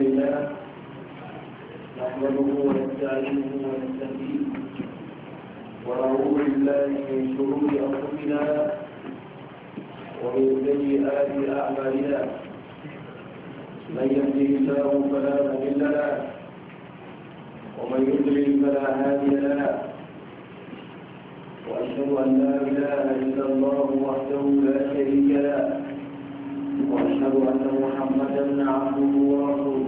نحمده ونستعينه ونستهديه ونعوذ بالله من شرور انفسنا ومن سيئات اعمالنا من يهده الله فلا مضل له ومن يضلل فلا هادي له واشهد ان لا اله الا الله وحده لا شريك له واشهد ان محمدا عبده ورسوله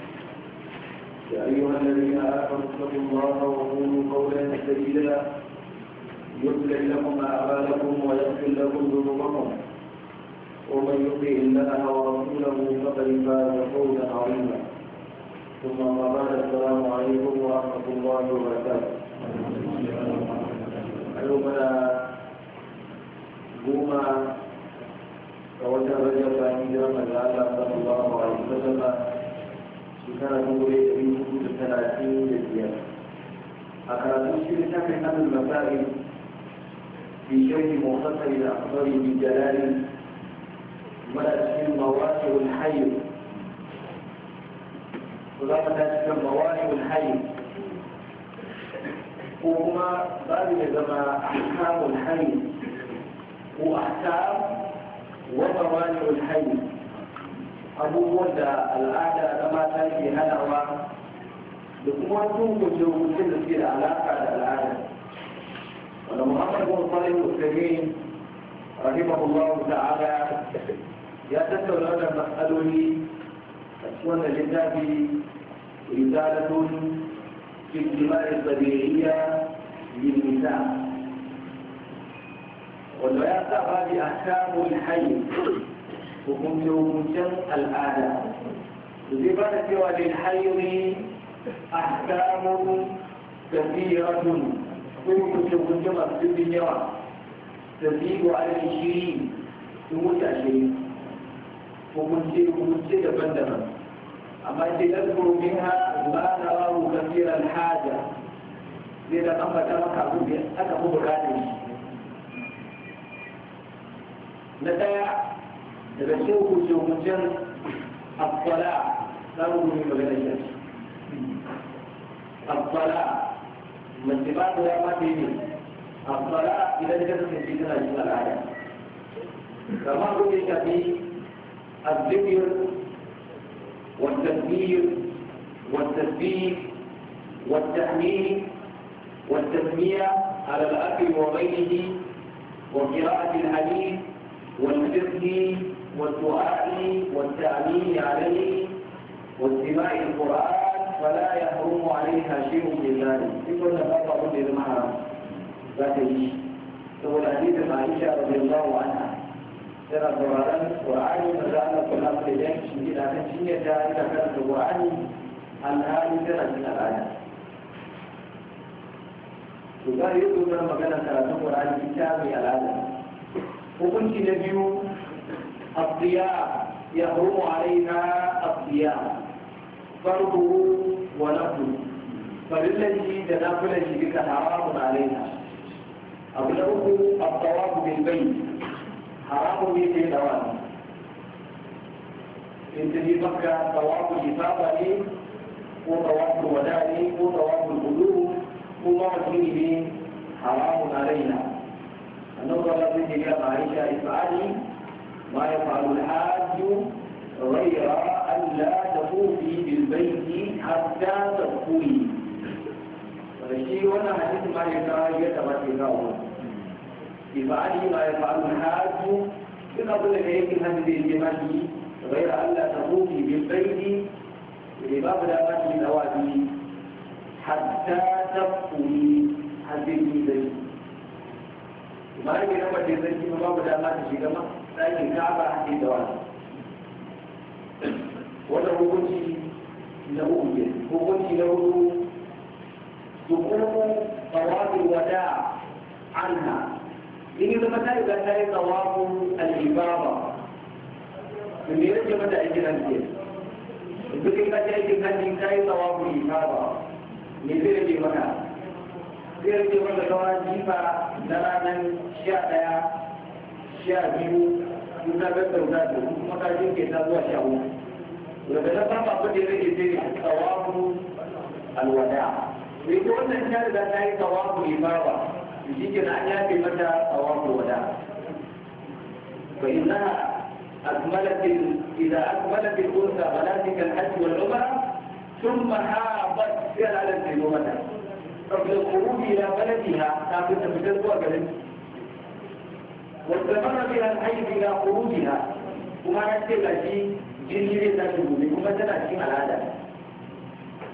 يا أيها الذين آمنوا اتقوا الله وقولوا قولا سديدا يصلح لكم أعمالكم ويغفر لكم ذنوبكم ومن يطع الله ورسوله فقد فاز فوزا عظيما ثم أما بعد السلام عليكم ورحمة الله وبركاته أيومنا قوما توجه رجل أن يجرم صلى الله عليه وسلم shekara dubu ɗaya da dubu da talatin da biyar a karatun shi da shafin hannun masari fi shirki muhammadu da akwai bi jalali mara cikin mawaƙi wani hayo ku za mu ta cikin mawaƙi wani hayo ko kuma babu ya zama ahkamul hayo ko ahkam wa mawaƙi wani hayo abubuwan da al'ada na mata ke hanawa da kuma sun kuce hukuncin da suke da alaƙa da al'ada wanda muhammad bin salim musulmi rahimahullahu ta'ala ya tattauna da matsaloli a cikin wannan littafi rizalatun في الدماء الطبيعية للنساء والبيان تقع بأحكام الحي وهم يوجد الآداء لذبان سوى للحير أحكام كثيرة ويوجد يوجد في جوا تزيد على الشيرين يموت الشيرين ومنشي ومنشي دفندما أما تذكر منها ما تراه كثير الحاجة لأن قمت كما كابو بيه أكبو daga cikin hukuncen akwala za mu yi magana shi akwala mace ba ta dama ta yi akwala idan ka kasance tana cikin al'ada kama ko ya shafi الذكر والتكبير والتسبيح والتحميد والتسمية على الأكل وغيره وقراءة الحديث والفقه والدعاء والتأمين عليه واستماع القرآن فلا يحرم عليها شيء من ذلك يقول تفرق للمحرم ذاته يقول حديث عائشة رضي الله عنها ترى قرآن القرآن فزال كل أمر إليك إلى تشيء ذلك كان القرآن الآن ترى من الآية to za a yi tsoron magana karatun ƙwararri ta mai al'ada hukunci na biyu الصيام يهرم علينا الصيام فرضه ونفله فللذي تنافله بك حرام علينا أبلغه الطواف بالبيت حرام لي في الأوان انت في مكة طواف الإفاضة لي وطواف الوداع لي وطواف القلوب وما فيه حرام علينا النظر التي كان عائشة إسرائيل ما يفعل الحاج غير أن لا تطوفي بالبيت حتى تطوي فالشيء وانا حديث ما يفعل يتبتكاه يفعل ما يفعل الحاج في قبل هيك هذه الجمال غير أن لا تطوفي بالبيت لمبلغ من أوادي حتى تطوي هذه ما يمكن أن تكون هناك شيء ɗakin kaba ake da wani Wata hukunci na uku hukunci na hudu dukumu tawafin wada anha in yi zama ta yi ta yi tawafin al'ibaba me ya ce mata aikin hajji duk in ka ce aikin hajji ta yi al ibaba me zai rage mana zai rage mata kawai jifa na ranar sha ɗaya sha biyu in ta tattauna da su kuma ta ta zuwa sha uku daga nan ba da ya rage sai tawafu alwada sai ko wannan ta riga ta yi tawafu ibaba shi ke na an yafe mata tawafu wada fa inna أكملت إذا أكملت الأنثى مناسك الحج والعمرة ثم هابت فعلا للجنوبة قبل الخروج إلى بلدها تابت في تلك واستمر بها الحيض إلى خروجها وما يكتب أشي جنجر تجب لكم مثلا في العادة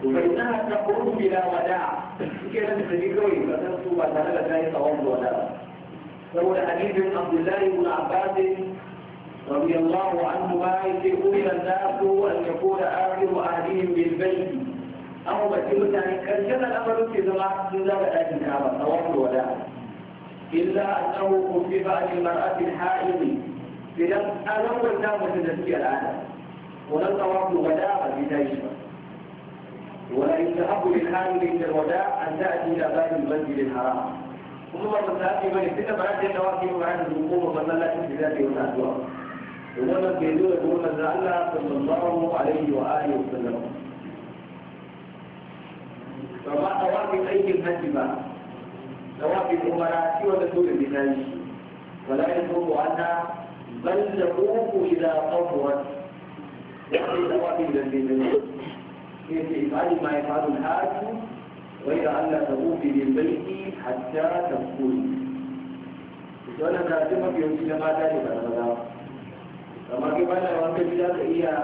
فإنها تخرج بلا وداع كيف تسجيل قوي مثلا سوى هذا لا يتوضا ولا فهو الحديث من عبد الله بن عباس رضي الله عنهما إذ أمر الناس أن يكون آخر أهلهم بالبيت أو بسيطة كان الأمر في زمان من ذلك الكعبة توضا ولا إلا أنه كفف عن المرأة الحائض إذا أنا أول دعوة التزكية الآن ولا الطواف غداء بداية ولا يستحب للحامل عند الوداع أن تأتي إلى باب المسجد الحرام ثم تأتي من الستة بعد التواف وعن الوقوف فمن لا ذلك ذاته ولما كيدوا يقول أن الله صلى الله عليه وآله وسلم فما طواف أي الحج tawafi kuma na ci wata dole ne na yi wala yin kuma wanda bal da kuku shi da kwakwar da ke tawafi da ke ne ke ce ibadi ma ya faru na haku wai da allah ta kuku ne mulki hatta ta kuri ita wannan ta ce mafi yanzu na mata ne ba ta kamar ke bala wanda shi za ka iya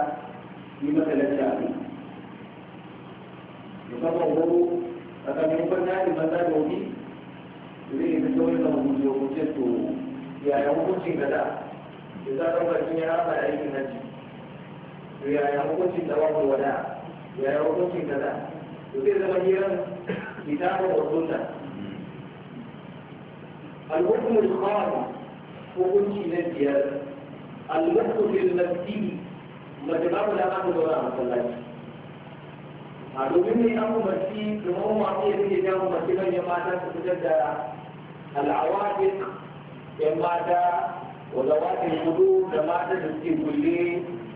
yi maka lantarki ne ba ba wuru a kan yankun na ne zai yi fito da hukunci hukunci to yaya hukuncin da da za ka ɗauka ya rasa da aikin hajji to yaya hukuncin da babu wada yaya hukuncin da to zai zama hiran kitabun wa sunna الحكم hukunci na biyar almutu nafsi mace ba mu da aka a masallaci a domin ne an umarci domin mu a iya rike ja umarci manyan mata su fitar da العواتق يا ماتا وذوات القلوب لماتا تسكي كلي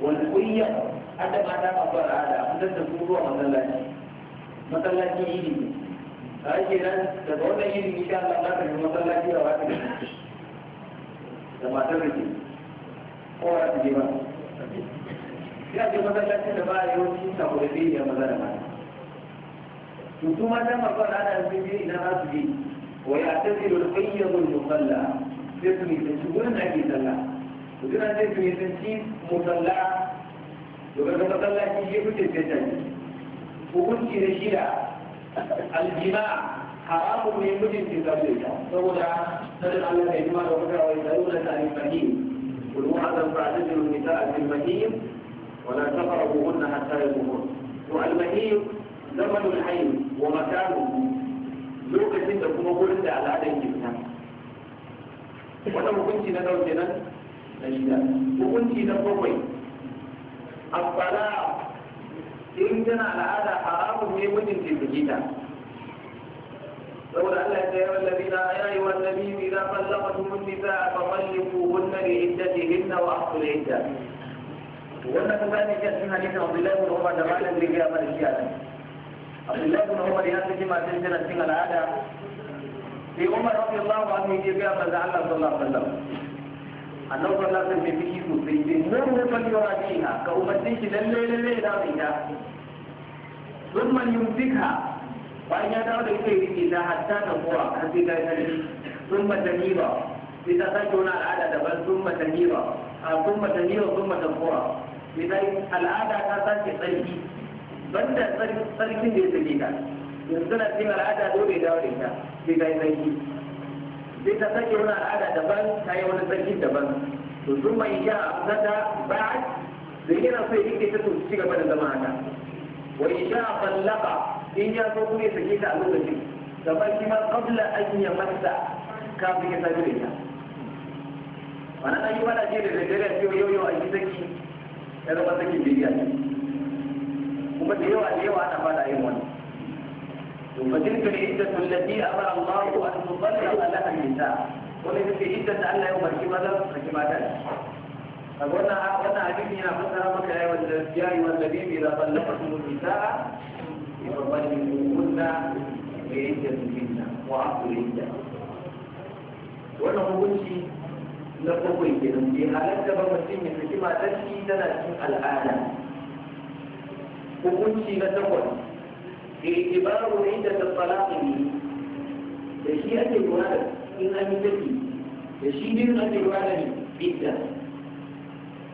والقية حتى ما دا أفضل هذا أنت تسوره مثلا مثلا إيدي هاي كده تقول إيدي إن شاء الله ما تجي مثلا كده واتك لما ترجع هو تجي ما كده مثلا كده بقى يوم تقول لي يا مثلا ما ثم ماذا مقال هذا الفيديو إلى ويعتزل القيض المصلى تسمي تنشي في أكي صلى وكنا تسمي تنشي مصلى وقد تصلى كي يكون تسمي وكنت رشيدة الجماع حرام من مجن في ذلك فهذا سجد على الإجماع وفكر ويسألون عن المهيم كل واحد فاعتزل النساء في المهيم ولا تقربوهن حتى يطهرن والمهيم زمن الحي ومكانه lokacin da kuma wurin da al'adar ke nan. Wata hukunci na dauke nan na shida hukunci na bakwai asfala in tana al'ada haramun ne mutum ke ta. saboda Allah ya wallabi ladina ya yi wa nabi idan a mun nisa fa malliku hunna li hinna wa aqul yadda wannan kuma ne ke cikin hadisin Abdullahi bin da malam da ya ba shi a nan abdullahi bin umar ya saki matan tana cikin al'ada sai umar rafi allah wa ne ke gaya manzo allah sallallahu alaihi wasallam annabi sallallahu alaihi wasallam bai fiki sosai bai mun rufan yawa jiha ka umarci shi lalle lele da mai ta sun man yumsika bayan ya dawo da ita yi rike ta hatta ta kowa har sai ta yi sun matanira sai ta sake wani al'ada daban sun matanira a sun matanira sun matakowa sai ta al'ada ta sake tsarki banda tsarkin da ya sake ta yanzu na cewa al'ada dole da wani ta sai ta yi tsarki sai ta sake wani al'ada daban ta yi wani tsarki daban to sun mai ya amsata ba'ad Sai yana so ya rike ta to ci gaba da zama haka wa isha fallaka in ya so kuma ya sake ta a lokacin da baki ma qabla an ya masa kafin ya sake ta wannan ayyuka da ke da dare yau yau yau a yi saki ya zama sakin bidiya ne kuma da فتلك العدة التي أمر الله أن تطلق لها النساء في عدة أن لا يمر كما أقول ذلك فقلنا أخذنا حديث هنا فسر مكة يا أيها الذين إذا طلقتم النساء فطلقوهن بعدتهن منا العدة wannan hukunci na bakwai kenan في halatta ba mutum ya saki matar hukunci na takwas itibaru inda ta talaqi da shi ake lura da in an yi take da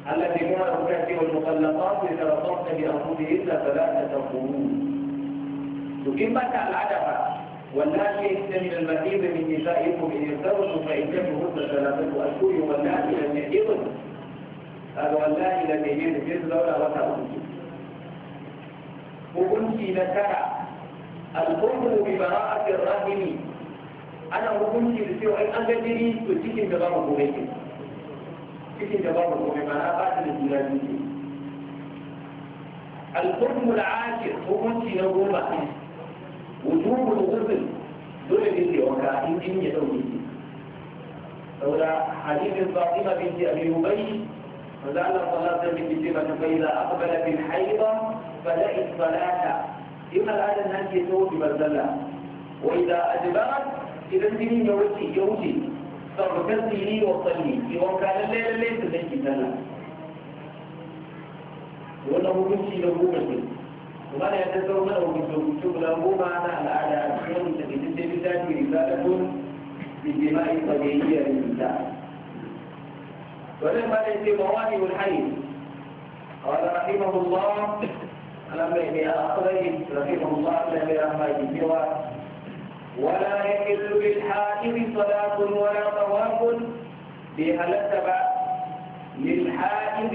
إذا ne ake إلا فلا idda وكما كان تكفي المطلقات إذا رفضت بأنفسهن ثلاثة قرون. تكبت العدم واللاتي يئسن من المحيض من نسائكم إن ارتبتم فإنكمهن ثلاثة أشهر والناس لم يحضن هذا واللاتي لم يحضن في الزوجة وتأخذ hukunci na tara al'ummu bi bara'atir rahimi ana hukunci da cewa in an ga jini to cikin da babu komai ke cikin da babu komai ba na ba ta da juna biyu al'ummu al'ashir hukunci na goma wujubul ghusl dole ne ke wanka in jini ya dauke shi saboda hadisin Fatima binti Abi Ubayy manzo Allah sallallahu alaihi wasallam ya ce mata fa idza aqbalat al-hayd فلئن الصلاة إما الآن الناس يسوي بالزلة وإذا أدبرت إذا انتني جوزي جوزي فاركزي لي وصلي في كان الليل ليس لك زلة وأنه يمشي له مسلم وما لا يتسوى منه مسلم شوف له معنى الأعلى أحيان تجد بالذات رسالة بالدماء الطبيعية للإنسان ولما الانتباهات والحي قال رحمه الله لما إلى أخرج رحمه الله الذي رحمه الجوار ولا يحل بالحاكم صلاة ولا طواف بهلت بعد للحاكم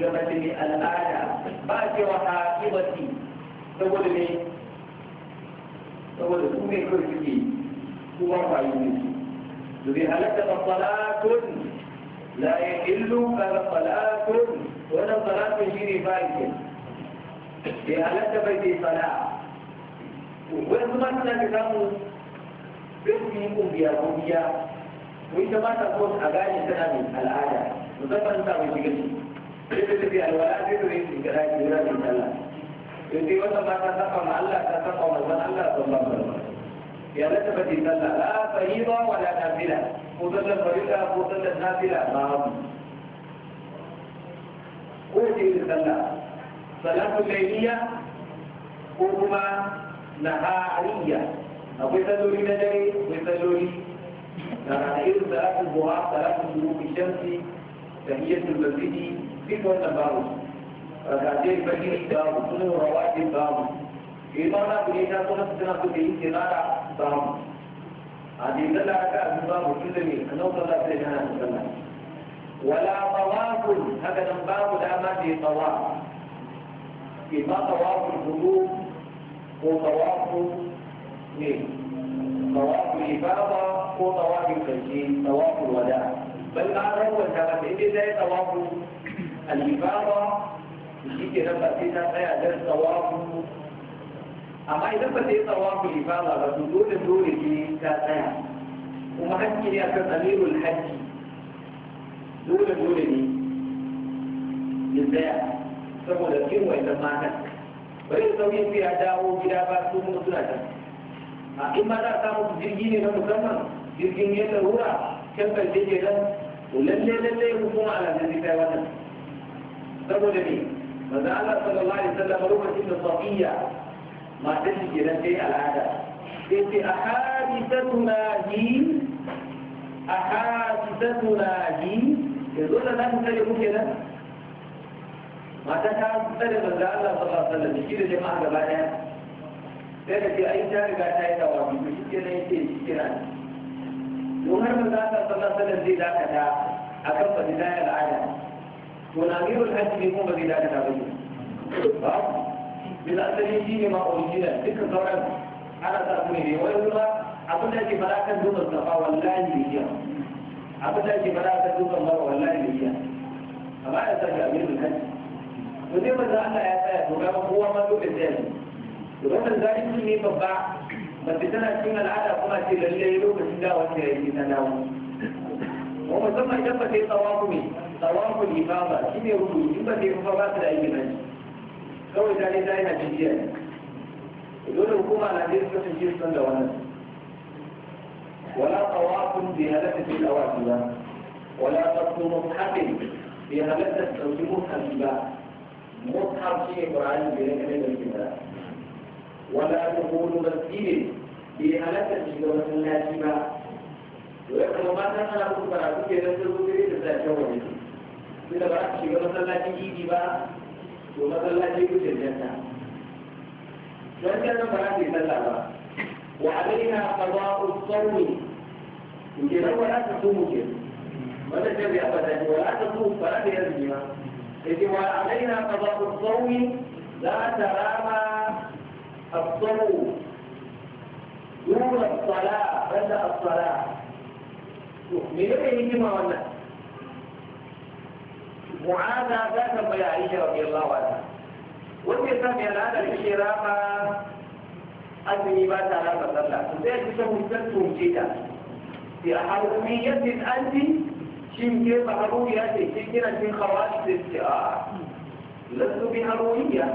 جمت الآلة بات وحاكمتي تقول لي تقول كم كرسي كم رأيني بهلت صلاة لا يحل فلا صلاة ولا صلاة شيء فائدة bai halatta bai bai sana'a wani kuma suna ka samu sai ku yi kungiya kungiya ko ita ba ta so a gane tana mai al'ada musamman ta mai shigar sai ta tafi alwala sai ta yi shigar ake yana mai sallah to sai wata ba ta saba ma Allah ta saba ma zan Allah zan ba ba ya halatta bai bai sallah la fariba wala nafila ko sallar farida ko sallar nafila ba mu ko ce sallah صلاة الليلية أمة نهارية أو يتدري لدي ويتدري نهارية صلاة الضحى صلاة غروب الشمس تهية المسجد في كل باب ركعتي الفجر باب سنة رواتب باب إيمانا بنيتا كنا سنة تبين سنارا باب هذه تلا عكا أبو باب وشدني أنو صلاة سيدنا ولا طواف هذا الباب لا ما في طواف يبقى طواف القلوب هو ايه؟ طواف الإفاضة طواف التسجيل طواف الوداع بل الآن هو ثبت إيه زي طواف الإفاضة يجيك ربا سيدا فيها درس طواف أما إذا بدأت طواف الإفاضة بس دول الدول دي كاتايا وما حكي لي أكثر أمير الحج دول الدول دي إزاي saboda kin wannan matan bari su sauyin su ya dawo gida ba su kuma suna can a in ma za a samu jirgi ne na musamman jirgin ya larura can karshe ke nan to lalle lalle hukuma ala zai kai wannan saboda me manzo Allah sallallahu alaihi wasallam lokacin da safiya matan shi kenan sai al'ada sai ce ahadisatuna hi ahadisatuna yi yanzu da za ku tare muke nan mata ta tsare manzo Allah sallallahu alaihi wasallam shi da jama'a gaba daya sai da ce ai ta riga ta yi tawafi to shi ne yake shi kira don har manzo Allah sallallahu alaihi wasallam zai dakata akan fadila ya al'ada to na mirul hajji ne kuma zai dakata ba ne ba bil asali shi ne ma original dukkan sauran ana sa su ne wai kuma abin da ake fara kan dukkan safa wallahi ne ya abin da ake fara kan dukkan marwa wallahi ne ya amma ya sa ga mirul hajji to dai manzo Allah ya tsaya to ga kowa ma dole sai to wannan zalunci ne babba mace tana cikin al'ada kuma ce lalle lokacin da wanda ya yi na dawo ko musamman idan ba ta yi tsawaku ne tsawaku ne ba ba shi ne rubu in ba ta yi rufa ba su da aiki nan kawai ta ne ta yi hajijiya ne dole hukuma na da suka tunce sun da wannan wala tsawakun bai halatta ce tsawaki ba wala tsawakun haɗin bai halatta ɗauki mutan ba mutar shi ne ƙwararren da yanka ne da wanda ake hudu da tsirin bi halatta shi ga wasu lati ba to ya kuma mata ana kuma karatu ke da sun zuke da sa shi su shiga masallaci idi ba to masallaci ku janta don janta ba a ce sallah ba wa alaina kaza usawi ku ke nan wa za ta su mu ke wanda ce bai abata ne wa ta su ba ta yi arziki ba إذ علينا قضاء الصوم لا ترامى الصوم دون الصلاة بدأ الصلاة من ملوك هكما ولا معاذ ذات يا عائشة رضي الله عنه وانت سمع الآن الشرامة أدني ما ترامى صلاة وذلك سمستكتم جدا في أحرمية أنت شين كيف هروية يعني، شين كنا شين خوارج الاستعارة لست بهروية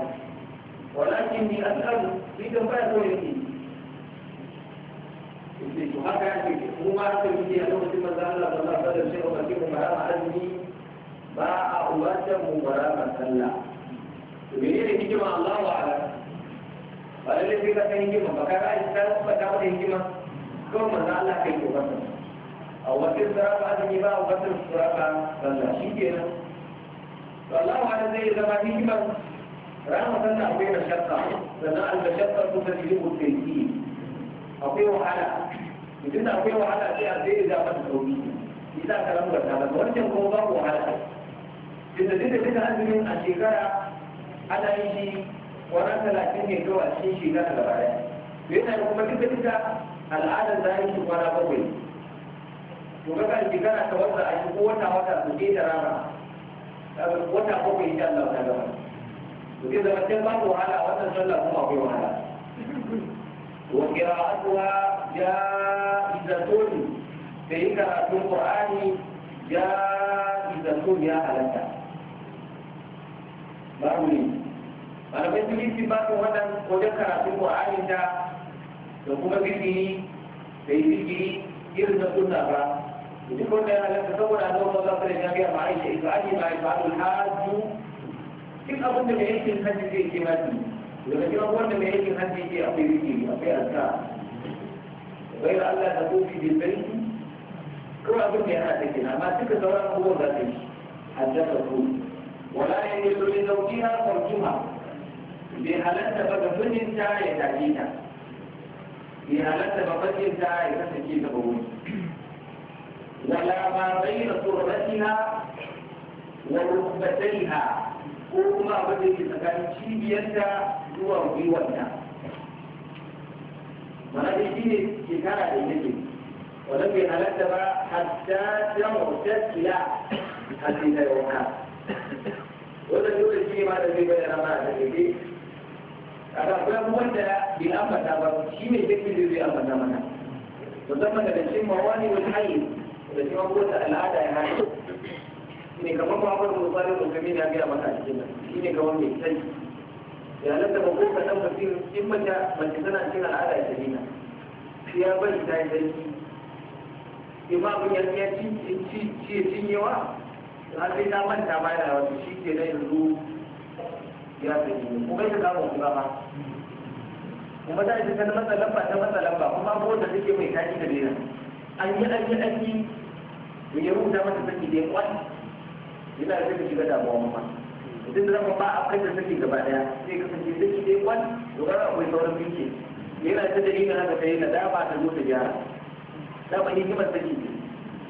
ولكني أسأل في تنبات ويكي وهكذا يعني هو ما أكثر من دي أنه مثل ما زال الله الله بدل شيء وكثير مرام عزمي باع أواتم مرام الله وبيني الهجمة الله أعلم قال لي في ذلك هجمة فكذا إستاذ فتاوى الهجمة كما زال الله كيف وكثير a wata sarrafa azumi ba a wata sarrafa sallah shi ke nan wallahu ala zai zama hikimar rama sallah akwai na shakka sannan albashakka su ta jiri mutunci akwai wahala idan akwai wahala sai a zai zama da sauki isa ka lambar ta zama wancan kuma babu wahala inda duk da duka azumin a shekara ana yi shi wani talatin ne kawai a cikin shekara gaba ɗaya yana da kuma duka duka al'adar da yin shi kwana bakwai to ga kan kana tawazza a cikin wata wata to ke da rana wata ko ko ta Allah ta gaba to ke zama sai ba wahala wannan sallah kuma akwai wahala wa qira'atuha ja'izatun sai karatun qur'ani ja'izatun ya halatta babu ne malamai sun yi sifatin wannan wajen karatun qur'ani da da kuma zikiri sai zikiri irin na sunna ba idan ko da yana ta saboda da wannan da kare ga ya mai shi ga ai mai ba da haju duk abin da yake cikin haji zai ke haji daga cikin abin da yake cikin haji a bayyane ke a bayyana ta Allah da kofi da bai ko abin da yana take amma duka sauran abubuwan da kai haddaka ku wala ya ne to ne zaujiha ko juma bi halanta ba da sunin ya dajina bi halanta ba ba ta ya kasance da bawo ولا ما بين تربتها وركبتيها كما بدأ تكاني شيبيتا هو بيوتا ولكن شيء شكرا للنبي ولم يحلت حتى تغتسل حتى يوكا wannan dole shi ma da zai bayyana mana da daidai kaga akwai abubuwan da bai ambata ba shi ne zai zai ambata mana musamman daga cikin mawani wani hayi da shi wata al'ada ya haɗu ne kamar muhammadu musali musulmi na gaya masa a cikin nan shi ne kamar mai sani ya da ba ko kaɗan mutum in mace mace tana cikin al'ada ya tafi na shi ya bari ta yi sarki imamu ya ya ci ci cinyewa har sai ta manta ma yana wasu shi ke na yanzu ya tafi kuma ita kama kuma ba kuma ta ita ta matsa lamba ta matsa lamba kuma abubuwan da take mai tashi da dena an yi an yi an yi in ya rubuta masa saki da ya kwani yana da saki shiga damuwa ma idan da zama ba a kai da saki gaba daya sai ka saki da ya kwani to gara akwai sauran bincike yana ta dalilin haka yi na dama ta zo ta gyara dama hikimar saki ne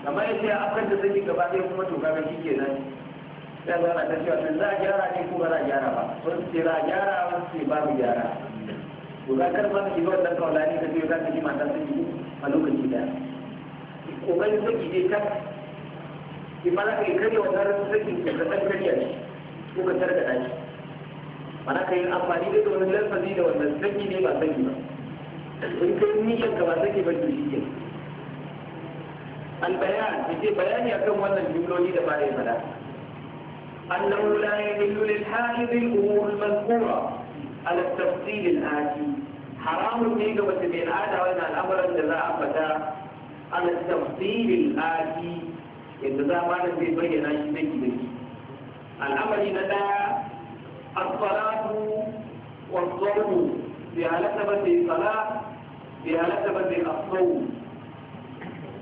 amma ya ce a kai da saki gaba daya kuma to kaga shi ke nan sai ga na ta cewa za a gyara ne ko ba za a gyara ba wasu ce za a gyara sai ba mu gyara to za ka ba ki shiga wannan kawalani ka ce za ka ji mata saki a lokaci daya kokarin saki dai ta in ba za ka yi karya wannan rasu saki da ka san karya ne ko ka tarka shi mana ka yi amfani da wani lafazi da wannan saki ne ba saki ba in kai niyyar ka ba saki ba to shi ke albayan da ke bayani akan wannan jumloli da ba ya faɗa أنه لا يحل للحائض الأمور المذكورة على التفصيل الآتي haramun ne ga mace mai al'ada wannan al'amuran da za a fada. ala tafsirin ati yadda za ma zai bayyana shi daki daki al'amari na daya as-salatu wa as-sawm bi halatta ba sai sala bi halatta ba sai as-sawm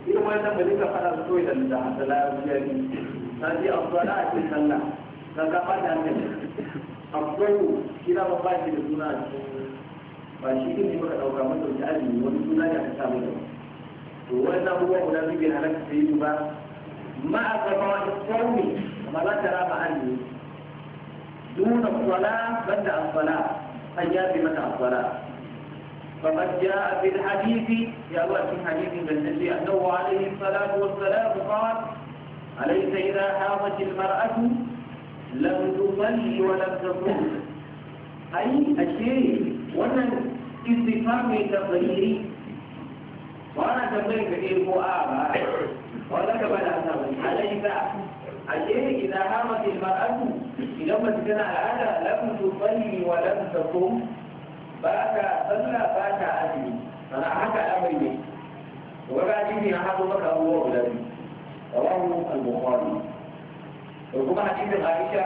irin wannan da duka fara da da da lafiya ne na ji as-sala a cikin sallah ka ga ba da hankali as-sawm kira ba ba shi da ba shi ne muka dauka mun dauki azumi wani suna da aka samu da وأنه هو أولاد بن هلك سيدنا مع قضاء الصوم كما ذكر عني دون الصلاة بدأ الصلاة أيام متى الصلاة فقد جاء في الحديث يا الله في حديث النبي أنه عليه الصلاة والسلام قال أليس إذا حاضت المرأة لم تصلي ولم تصوم أي الشيء وأن استفهام تقريري وانا تملك ايه فؤاد وذاك بلا اثر عليك أشياء إذا هامت المرأة إذا ما تكون على لم تصلي ولم تصوم باكا صلى باكا أدري فأنا حكى أمري إيه؟ وبعد إذن أحد بك الله الذي رواه البخاري وكما حديث عائشة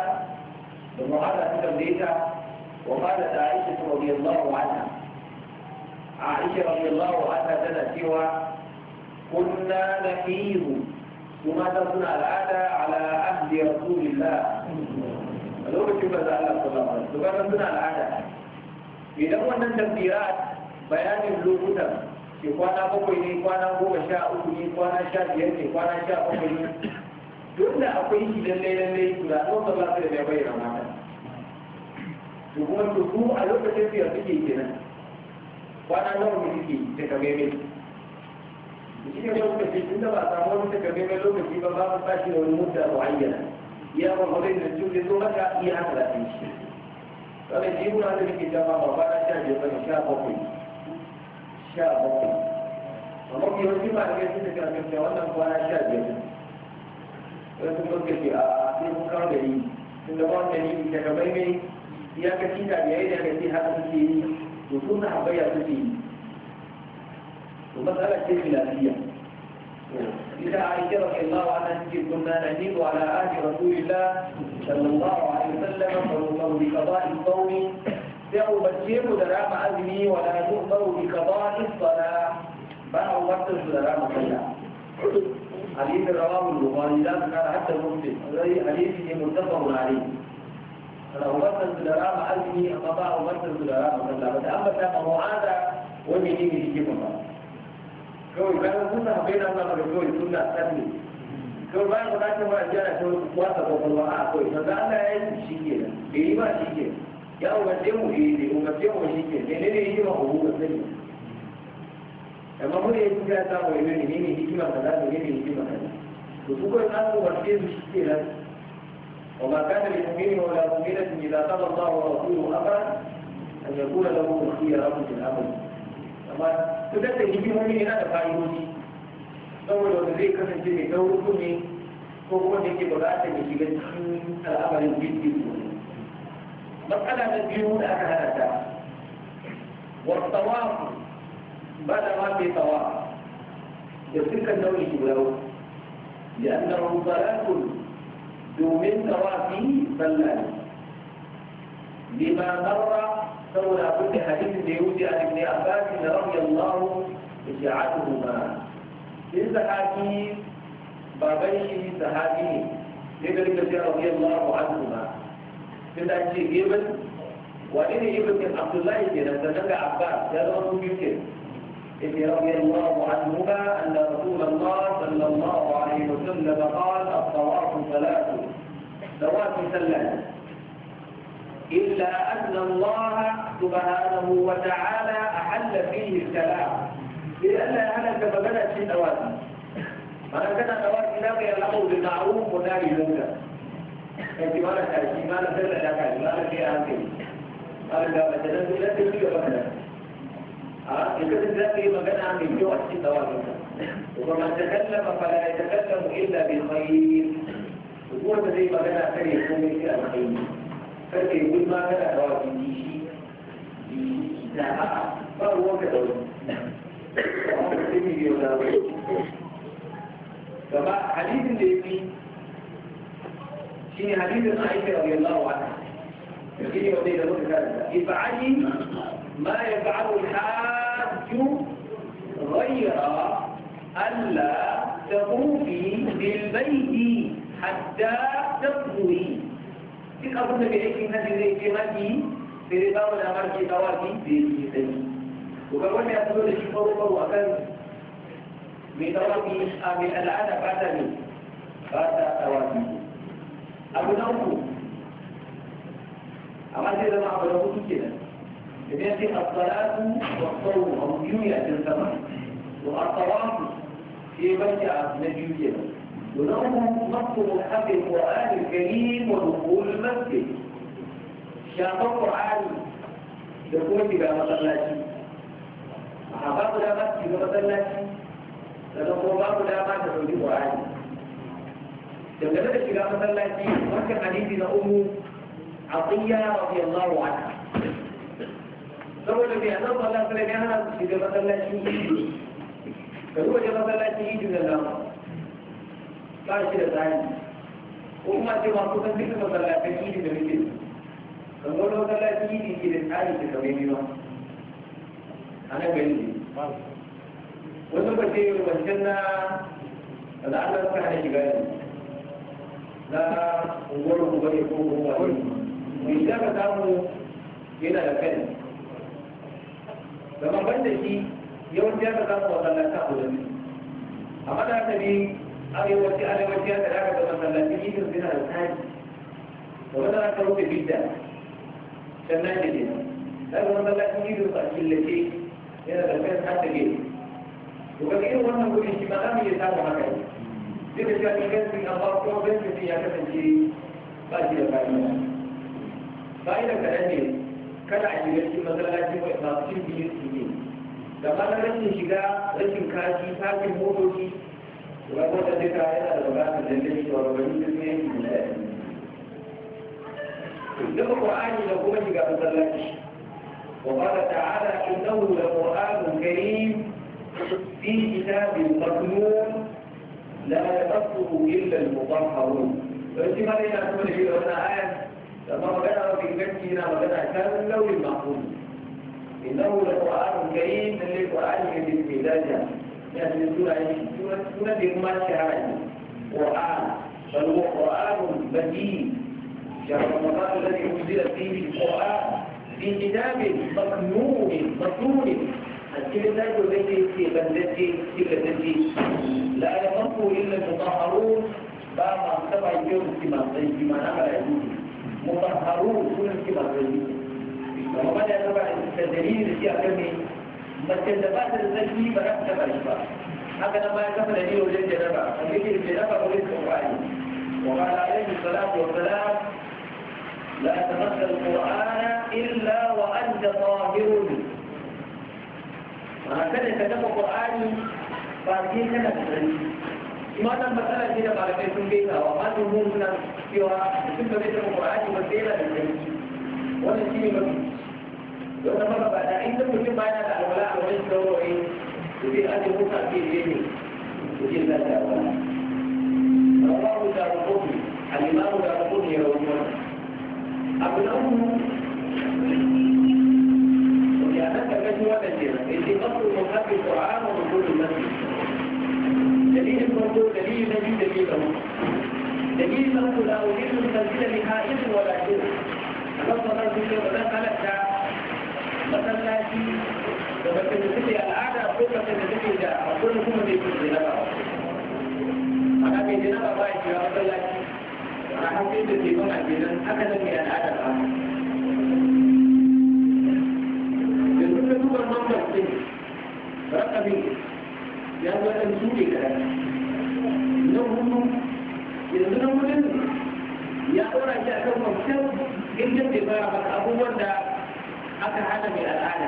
المعادة تكليتا وقالت عائشة رضي الله عنها aisha radiyallahu anha tana cewa kunna nahiru kuma ta suna al'ada ala ahdi rasulillah a lokacin ba za Allah sallallahu alaihi wasallam suna al'ada idan wannan tafsirat bayanin lokutan ke kwana bakwai ne kwana goma sha uku ne kwana sha biyar ne kwana sha bakwai ne dole akwai shi lallai lallai su da don ba za su da mai bayyana mata to kuma su a lokacin biyar suke kenan kwana nawa ne suke daga meme shi ne lokaci tunda ba a samu wani daga meme lokaci ba ba mu tashi da wani mutta muayyana ya ba mu da cikin zo maka iya haka da shi kada shi mun hada muke dama ba ba ta je ba sha bakwai sha bakwai amma ki wani ba ga shi da kan wannan kwana sha biyar wani sun lokaci a sai mun kawo da yi ba yi daga meme ya ka ci da yayi da ka haka suke yi to su sahabbai suke yi to إذا عائشة رضي الله عنها تجيب كنا نجيب على عهد رسول الله صلى الله عليه وسلم فنؤمر بقضاء الصوم يأو بشير درام أزمي ولا نؤمر بقضاء الصلاة بقى وقت درام صلاة حديث رواه البخاري لا تكاد حتى المسلم حديث متفق عليه umartar su da rama azumi amma ba a umartar su da ba da an bata ma mu'ada wani ne ne hikima ba kawai bayan sun sa bai na wani abu da kawai sun na sanni kawai bayan ku dace ma ajiyar ta wasu kwasa kwakwalwa a kawai sannan Allah ya yi shi ke nan bai yi ba shi ke ya umarce mu eh bai umarce mu shi ke ne ne ne hikima ko hukun sani amma mun yi kuka ya samu ne ne ne hikima kaza ne ne hikima kaza to su kawai za su umarce su shi ke nan وما كان لمؤمن ولا مؤمنة إذا قضى الله ورسوله أمرا أن يكون له الخيرة من الأمر amma su da ta hikimomi yana da fa'idoji saboda wanda zai kasance mai dauruku ne ko kuma da yake bukata ya shiga cikin al'amarin jirgin matsala na biyu da aka hana ta ba da لأنه ضلال domin tawafi sallah ne lima marra saboda abin da hadisin da ya wuce a cikin abbasin da rabi allahu da shi'atuhu ma in sahabi baban shi sahabi ne ya gari ka ce rabi allahu anhu ma sai da ce ibn wani ne ibn abdullahi ke nan sannan ga abbas ya zama sun ke ابن رضي الله عنهما أن رسول الله صلى الله عليه وسلم قال الطواف ثلاث ثواب ثلاث إلا أن الله سبحانه وتعالى أحل فيه الكلام لأن أهلك فبدأت في الأوان كان الأوان لا يلحق بالمعروف ونهي المنكر أنت يعني ما لك ما لك ما لك ما لك ما لك ما لك ما لك ما لك ما لك ما لك يكتب ذلك مجانا من جوع الشيء دوابنا ومن تكلم فلا يتكلم إلا بخير وقوة زي ما جانا كان يكون إلا الخير فكي يقول ما جانا دوابي ديشي ديشي فهو كدوابي فما حديث اللي فيه شيني حديث عائشة رضي الله عنها في يوم ليلة القدر افعلي ما يفعل الحاج غير ألا تطوفي بالبيت حتى تطهري تلك أظن بأيك هذه الإجابة في في الأمر في بالبيت وقال لي يقول لك فرق وأكل من تواتي أمي الآن فاتني فات تواتي أبو نوم أما تلك ما أبو نوم كده بيأتي الصلاة والصوم أو جميع تلتمس والطواف في بيع نجوية ولهم نص حق القرآن الكريم ودخول المسجد شاطر القرآن يقول بقى مسلاتي أحباب لا مسجد مسلاتي لأنه قرآن لا ما تقول القرآن لما بدأ بقى مسلاتي وكان حديثنا أم عطية رضي الله عنها saboda mai ba hana su shiga ka zuwa lama ba shi da tsari ko kuma ce ma kusan duka masallacin ka da masallaci da tsari a nan gari ne wani ba ce wancan na da Allah shiga na ko kuma wani. Mai samu yana da kai domin ban da shi yawanci ya zama masallaci a kudu a matakali arewaci arewaci ya tsada ga masallaci ikin suna da tsari da wanda za ka rufe bidda sannan da ne daga masallaci ikin a killace yana da kai ta tage to kaga irin wannan gudun shi ma za mu iya samu haka ne duk da cewa ingancin amma kuma gaskacin ya kasance ba shi da fa'ida fa'idar kaɗan ne kada a shiga cikin masallaci mai masu cin biyu su ne da mana rashin shiga rashin kaji tashin motoci wanda da duka yana da bukatar da zai shi wa rabani da zai yi da yaki duka qur'ani da kuma shiga masallaci wa qala ta'ala innahu la qur'anun karim fi kitabin maknun la yaqtuhu illa al-mutahharun to shi ma yana kuma da shi wannan ayat لما وجدنا في بيتنا وجدنا كان لو المعقول إنه لقرآن كريم من القرآن يجب مزاجا يعني سورة سورة ما شهادة قرآن بل هو قرآن مجيد شهر رمضان الذي أنزل فيه القرآن في كتاب مكنون مكنون الكلمات التي في بلدتي في بلدتي لا يخف إيه، إيه، إيه، إلا المطهرون بعد أن يوم في منطقة في منابع يهودي مطهرون سنة كما تقولي تبع بدأ طبعا التدليل اللي فيها كمي متكلفات الزكي بقى تبع الشباب هذا ما يكفل لي وجد ربع فبيجي في ربع ولد قرآن وقال عليه الصلاة والسلام لا تمس القرآن إلا وأنت طاهر وهكذا كتب القرآن فأتيه كان تدليل wannan matsala ce da malamai sun wa amma sun mun suna cewa sun ba zai taɓa ba sai da zanci wannan shi ne mafi don na maka bada in mutum ba yana da alwala a wani saurayi su zai aje mutu a fiye ne su ke zai da alwala. Rawahu da rukuki, alimamu da rukuki ya rawu mana. Abu na uku, ya nan karkashin wannan ce, ya ce kasu mun haɗe ƙur'ani dalilin farko dalilin na biyu dalilin da wajen sun sarki da liha irin wadace a kan sauran sun ce wajen halatta masallaci da da al'ada ko da akwai kuma da da ba jina ba ba ya shiga masallaci a hankali da ke mana kenan haka al'ada ba yanzu ka duba ɗin ya zo ɗan ture kaɗan na hudu yanzu na hudun ya ɗora shi a kan wancan gindin da baya maka abubuwan da aka hana mai al'ada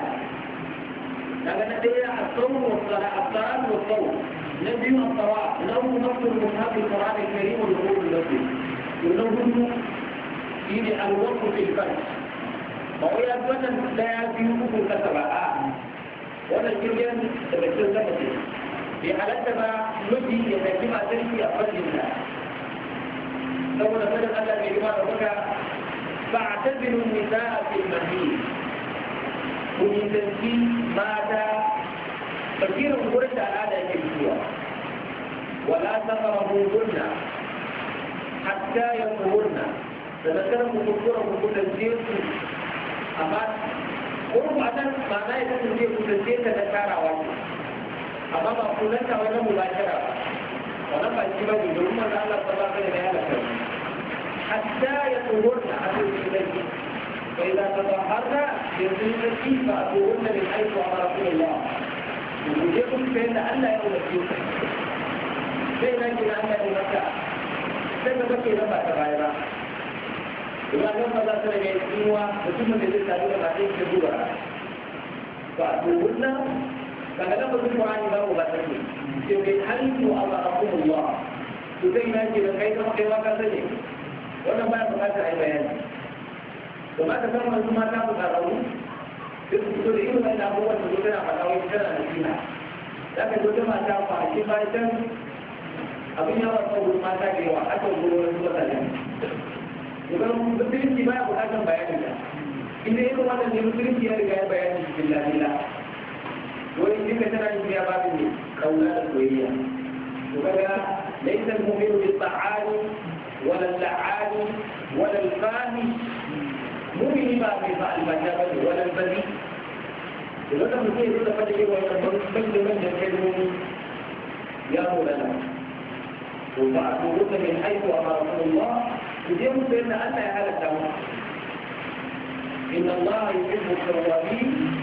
daga na ɗaya a tsawon wasara a tsaron wasau na biyu a tsawa na uku mafi musafi tsawa da kare wa da hudu da su na hudu shi ne alwasu filfan ba wai ya zo nan ɗaya biyu uku kasa ba a wannan kirgin daga cikin kasa ce bai halatta ba miji ya zaki ba sarki a fadin da saboda fadin Allah mai rima da kuka ba a tabbinin nisa a filmani ku nisanci mata fakirin gurin da al'ada ke fitowa wala safara hukunna hatta ya kuhurna sannan kada mu kuskura mu kusance su amma ko matan ma'ana ya kasance kusance ta da tarawa ce amma ba sunanta wani mubashara ba wannan ba shi ba ne domin manzo Allah sallallahu alaihi wasallam ya halaka hatta ya tuhurna hadin ilayhi فإذا تطهرنا يزيد كيف أتوهن من حيث أمركم الله ويجبكم فإن ألا يوم الدين فإن أجل أن يوم الدين سنة بكي لما تغيرا أن لما لا ترى يسيوا وثم تجد تعليم بعدين كبيرا فأتوهن فهذا القرآن باب غسلي يقول هل أمركم الله تزي ناجي لكيف قوى غسلي وانا ما بقاس أي بيان وما تسمى ثم تابق الرؤون تدعين أن هو تدعين على أول سنة نسينا لكن تدعين ما تابع شيء بايتن أبين يرى الصور ما تاجي وحتى الظلور سورة يقول مسلم كما يقول هذا بيان إذا يقول هذا المسلم كما يقول بيان بسم الله وإن لك ترى في أبابه قولات الكوية وكذا ليس المؤمن بالطعان ولا اللعان ولا الفاهي مو ما في الفجابة ولا البذيء لذلك المسيح يقول لك فجأة ويقول كل من يكلمني يا مولانا وبعد من حيث أمركم الله يجب أن أنا هلك إن الله يحب التوابين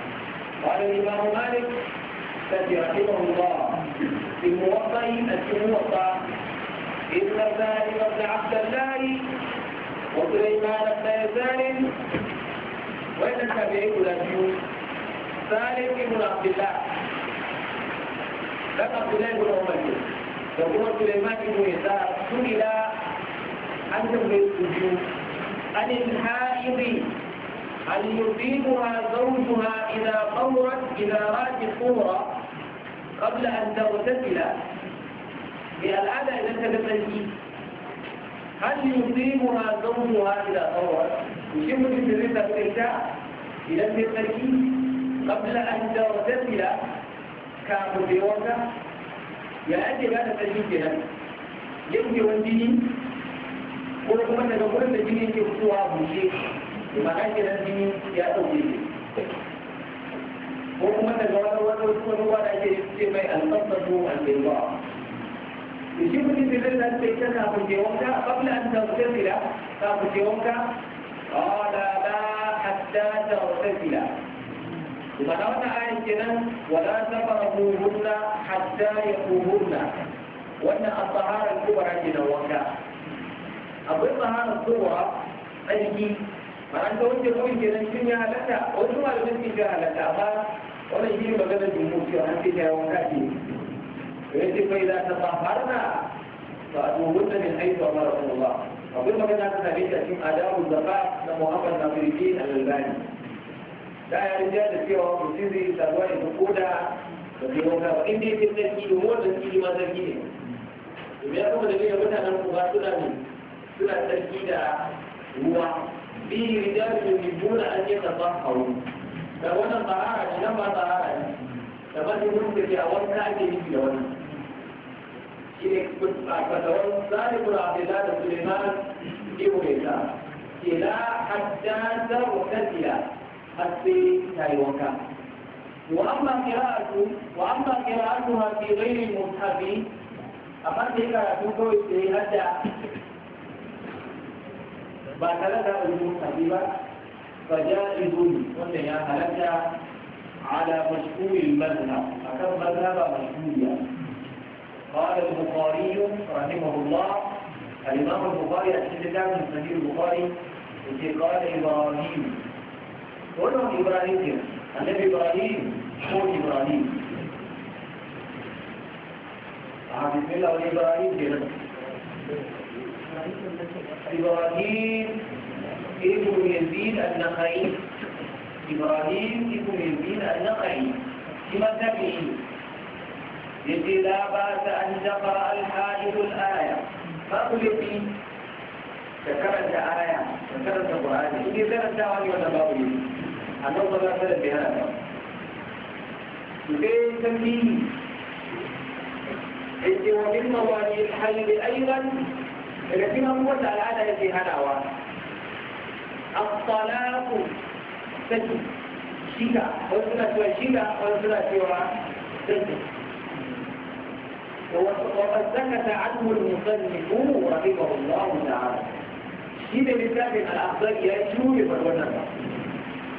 قال الإمام مالك الذي رحمه الله في موطئ الموطأ إن سالم بن عبد الله وسليمان بن يزال وإن التابعين الأبيون سالم بن عبد الله لقد عبد الله بن عمر وهو سليمان بن يزال سئل عن جمع السجود عن الحائض هل يصيبها زوجها إذا طورت إذا رأت الصورة قبل أن تغتسل بالأذى إذا تغتسل هل يصيبها زوجها إذا طورت في يشم بسرية الإرجاع إلى التغتسل قبل أن تغتسل كمديرك يأتي هذا تجيبها يمكن ونديه ko kuma daga wurin da jini ke fitowa bushe ma'ana nan jini ya ɗauke ne ko kuma daga wani wani kuma ruwa da ake ce mai alfasasu albaima shi mutum da zai zai ce kana kuke wanka kabla an tawtasila ka kuke wanka qala la hatta tawtasila ma'ana wannan ayan kenan wala tafarahuhunna hatta yaquhunna wannan at-tahara al-kubra kenan wanka akwai tahara kubra tsarki ma'an ta wanke kawai ke nan shin ya halatta wasu malamai sun ga halatta amma wannan shi magana jumhur cewa an ce ta yawon kafi ya ce bai za ta faharna fa aduhunna min a amara Allah akwai magana ta tabe ta cikin adabu zaka na Muhammad Nasiruddin Al-Albani da ya rinja da cewa mutum zai saduwa ya koda da zai wanka ba inda ya ce sarki domin wanda sarki ma sarki ne domin ya kuma da ne mutanen kuma suna ne suna sarki da ruwa bihi rijalun yuhibbuna an yatahharu da wannan tsara ne nan ba tsara ne da ba mun da ke a wannan ake yi da wannan shi ne fatawar zalibul abdullah da suleiman ila ta yi wanka وأما قراءته وأما قراءتها في غير المصحف أما ذكرته في هذا ba tare da abin mutane ba fa ja'izun wanda ya halatta ala mashhuril قال البخاري رحمه الله الإمام البخاري أشد كان من سبيل البخاري التي قال إبراهيم قلنا إبراهيم النبي إبراهيم هو إبراهيم بسم الله ابراهيم إبراهيم ابن يزيد النخعي إبراهيم ابن يزيد النخعي في تبعين يجي لا بأس أن تقرأ الحائض الآية فأقلقي ذكرت آية ذكرت قرآن إذا ذكرت دعوة ولا أن الله لا سلم بهذا لكي تمين إذ ومن مواليد الحيض أيضا daga cikin abubuwan في al'ada الطلاق hadawa as-salatu شيكا shiga wasu suna cewa وقد سكت عنه المصنف رحمه الله تعالى شيء من كتاب الأخبار يشوف فرونا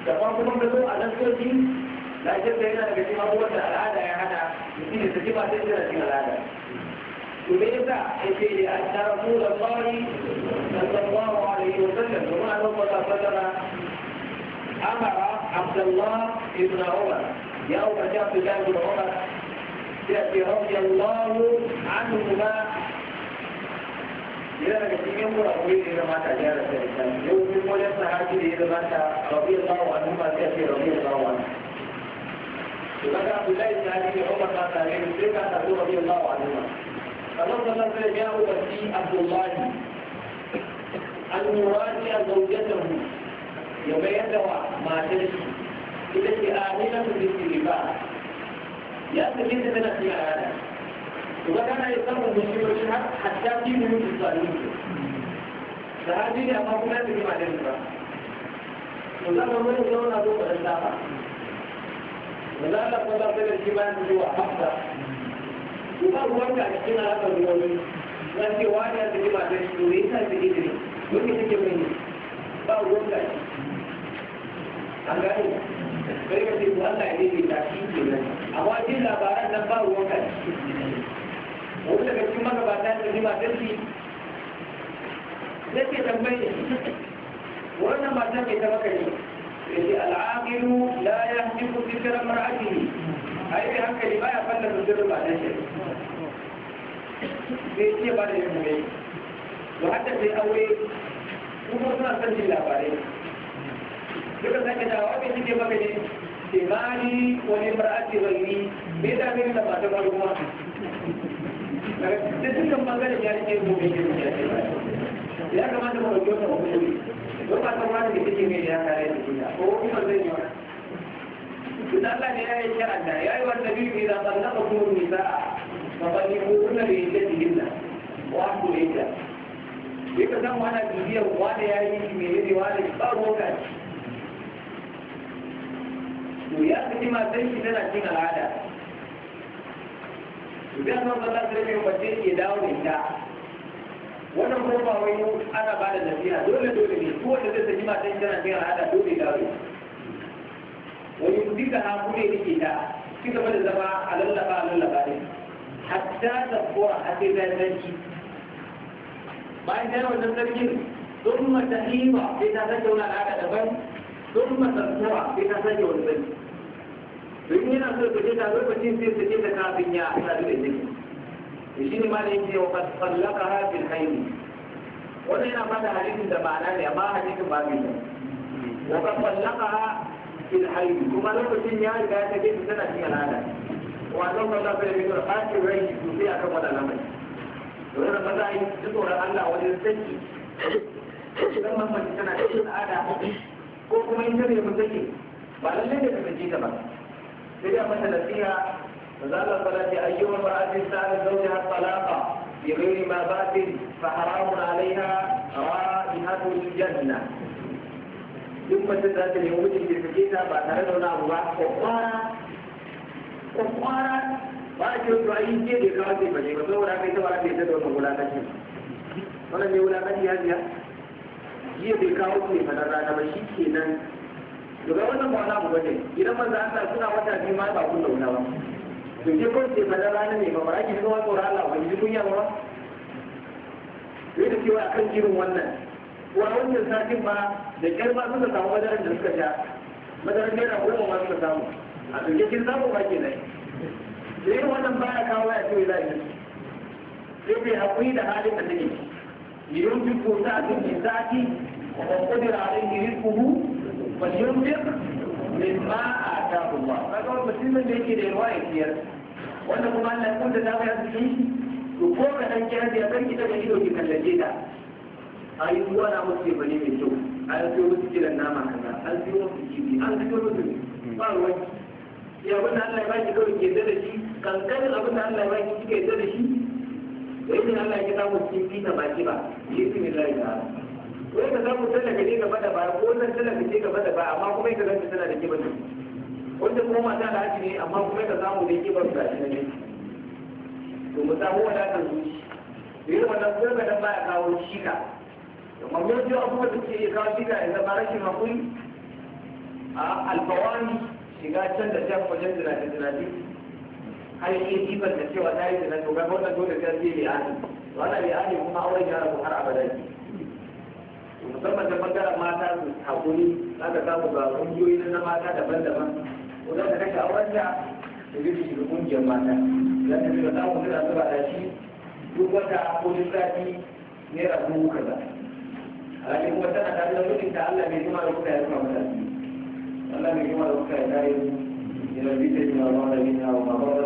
تقوم من بدو على السوشي لا شك هنا بسم الله العادة يا هذا يمكن تجيب على العادة وليسا يقول أن رسول الله صلى الله عليه وسلم وما نقض بدر أمر عبد الله بن عمر يوم جاء عبد الله بن عمر يأتي رضي الله عنهما إذا cikin yan kurakuri da ya mata gyara da ita yau duk wani sahabi da ya mata rabi Allah wa anhu ba sai ce rabi Allah wa anhu to kaga Abdullahi sahabi da Umar ba tare da sai ka rabi Allah wa anhu فنظر لما جاء وفي عبد الله أن يراجع زوجته يبيتها ما تلك التي آمنة بالسلباء يأتي من الخيارات وكان يسمى المشير حتى في بيوت الصالحين فهذه أمامنا في معلمة وزارة من يزورنا دون الإسلام وزارة صلى الله عليه وسلم في ba ruwanta a cikin alaƙar wani na ce wa ya ta da shi ne ta ce ne wani take mai ne ba a an gane bai ka ce ko Allah ne ta shi ke nan amma jin labaran nan ba ruwanta a wani daga cikin magabata ta jima da shi zai ke tambaye wannan mata ke ta maka ne ya ce la yahdiku fi karam ra'atihi ai mai hankali baya fallasa sirrin ba dan shi sai ce ba da yin mai to hadda sai aure kuma suna son jin labarai duka sake dawa bai suke maka ne kimani wani mar'ati wani me da mai da mata kuma da dukkan bangaren ya rike mu mai girma ya kamata mu ɗauki wata hukumuri don ba ta wani da take mai ya kare da duniya ko kuma zai yi إن الله لا يشأن يا أيها النبي إذا طلقتم النساء فطلقوهن بعدتهن وأحكوا العدة yadda zan wana bibiyar wani ya yi mai yadda wani ba roka to ya kaji matan shi tana cin al'ada idan zan zan zan rage mace ya dawo da ita wannan kuma ba wai ana ba da nasiha dole dole ne ko wanda zai saki matan shi tana cin al'ada dole dawo da ita wani duka ci gaba da zama a lallaba a lallaba ne hatta da kuwa a sai sarki bayan yi wannan sarkin sun mata hima sai ta sake wani daban sun mata kuwa sai ta sake wani sarki yana so ta ce ta lokacin sai ta ce ta kafin ya da jini shi ne ma da yake wa fasallaka hafin haini wannan yana hadisin da ma'ana ne amma hadisin ba mai wa cikin haihu kuma lokacin ya riga ya take shi tana cikin al'ada wannan ba za ta yi mutuwar ɓacin rai sosai a kan wannan lamari domin ba za a yi ji tsoron Allah wajen saki idan mamaci tana cikin al'ada ko kuma in ta nemi saki ba lallai da kasance ta ba sai da mata nasiha da za a fara ce ayyuwar ma'ajin sa'ar zaune har talaka بغير ما بات فحرام عليها رائحة الجنة duk mace za ta nemi mijin da take ta ba tare da wani abu ba kwakwara kwakwara ba a ce to ayi ke da kawai sai baje ba saboda kai ta ba ta yadda da wannan wulakanci wannan ne wulakanci ya biya jiya bai kawo ne fadar rana ba shi ke nan. daga wannan ba wani abu ba ne idan ban manzo Allah suna wata biyu ma ba kun da wuna ba to ke kun ce fadar rana ne ba ba ake zuwa tsoron Allah ba ji kunya ba ba yadda cewa akan irin wannan wa wannan satin ba da girma suka samu madarar da suka sha madarar naira goma ma suka samu a tuke kin samu ba ke nan da yin wannan baya kawo ya ce za yi sai bai haƙuri da halin da take yiyon bi ko ta tun ne sati wa ban a ɗan girin kuhu wa yiyon bi min ma a ta kuma kaga wani mutumin da yake da yawa ya siyar wanda kuma Allah ya kunta ta ya su yi to ko ka ɗan kiyar da ya bar ki daga ido ki kallace ta ai ruwa na musu ne mai kyau a an siyo musu kiran nama kaza an siyo musu kifi an siyo musu ba wani ya abin da Allah ya baki kawai ke da shi kankanin abin da Allah ya baki kike da shi da yake Allah ya kira mu kifi na baki ba shi ne Allah ya wai ka samu talaka ne gaba da baya ko wannan talaka ce gaba da baya amma kuma ka zanta tana da kibar wanda kuma mata da haji ne amma kuma ka samu da kibar da shi ne to mu samu wadatar zuci da yin wannan kuma da baya kawo shika wannan ji abubuwa da ke da shiga ya zama rashin hakuri a alfawani shiga can da can wajen zinafi zinafi har yi kibar da cewa ta yi zinafi ga wannan dole ta zai ne ani to ana ne ani kuma auren yara ko har abada ne musamman da bangaren mata su hakuri za ka samu ga kungiyoyi na mata daban-daban ko za ka kashe auren da da zai shiga kungiyar mata za ka shiga samun suna zuba da shi duk wata ko duk sati naira dubu kaza halin wata a tare da mutunta Allah mai jima da kuka ya kuma mutane Allah mai jima da kuka ya tare إلى البيت ما ظهر منها وما ظهر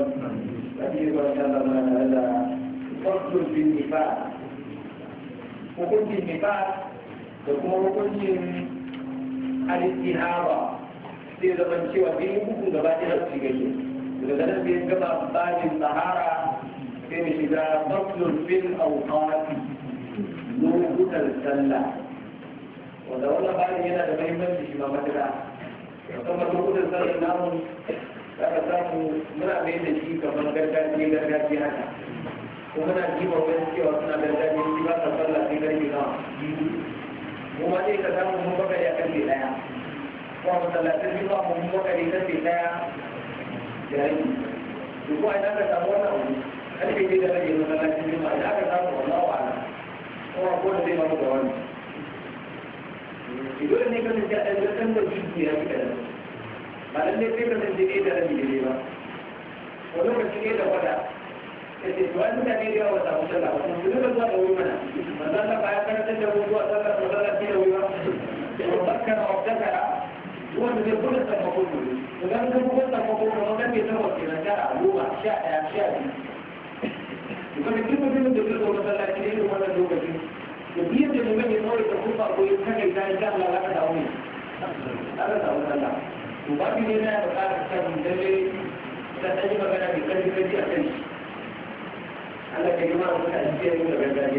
فكيف كان من هذا فصل في النفاق وكل في النفاق تكون كل الاستهابة sai zaman cewa bin hukun gaba ɗaya za su shiga shi daga nan bai gaba bajin sahara sai mu shiga faslun bin auqati lokutan sallah wanda wannan bayan yana da mahimmanci shi ma matuƙa musamman lokutan sallar namun za ka samu muna mai da shi kamar gargajiya gargajiya haka ko muna jima wani cewa suna gargajiya shi ba ka sallah sai karfe nawa mu ma sai ka samu mun baka ya karfe ɗaya ko a masallatin shi ba mun baka ya karfe ɗaya da rabi to ko a ina ka samu wannan abu karfe ne da rage masallacin jima'a ina ka samu wallahu a'lam kuma ko da zai mamu da wannan dole ne kan da ɗan da jiki ya fi kaɗan ba ɗan ne sai kan da ɗaya da rabi ne ba wani lokaci da wada ya ce to an da ne da mana ba za ta baya karantar da wuri zuwa sallah ba za ta fi da wuri ba ba ba ka na wata wanda zai buga sakamako ne idan ka buga sakamako ne wanda bai tarwa ke nan tara goma sha ɗaya sha biyu kuma da ne كثير من المين يقول الخطة ويتحكي ثاني كاملة لا تدعوني أبدا وسلم وبعد هنا بقى أكثر من ذلك تتجمع بنا بكل كذي أتنش على كلمة متأثير من البلدان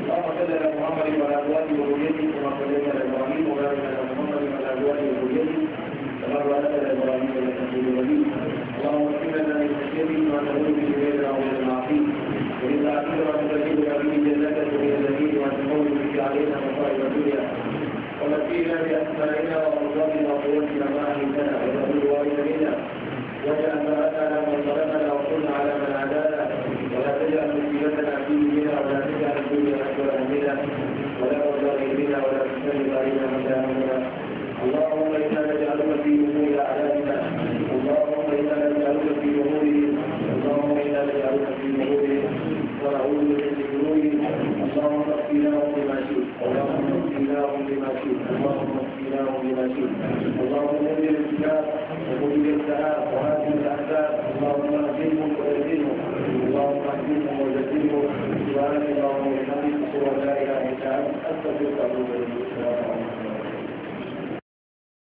اللهم صل على محمد وعلى أزواجه وذريته كما صليت على إبراهيم وبارك على محمد وعلى أزواجه وذريته كما باركت على إبراهيم وعلى أزواجه وذريته اللهم اغفر لنا من خشيته ما تقول به بيننا وبين المعصيه وإن أخيرا تجد به جنة من الذين وتقول بك علينا مصائب الدنيا ومسينا بأسمائنا وأرضنا وقوتنا ما أهلتنا وتقول والدينا واجعل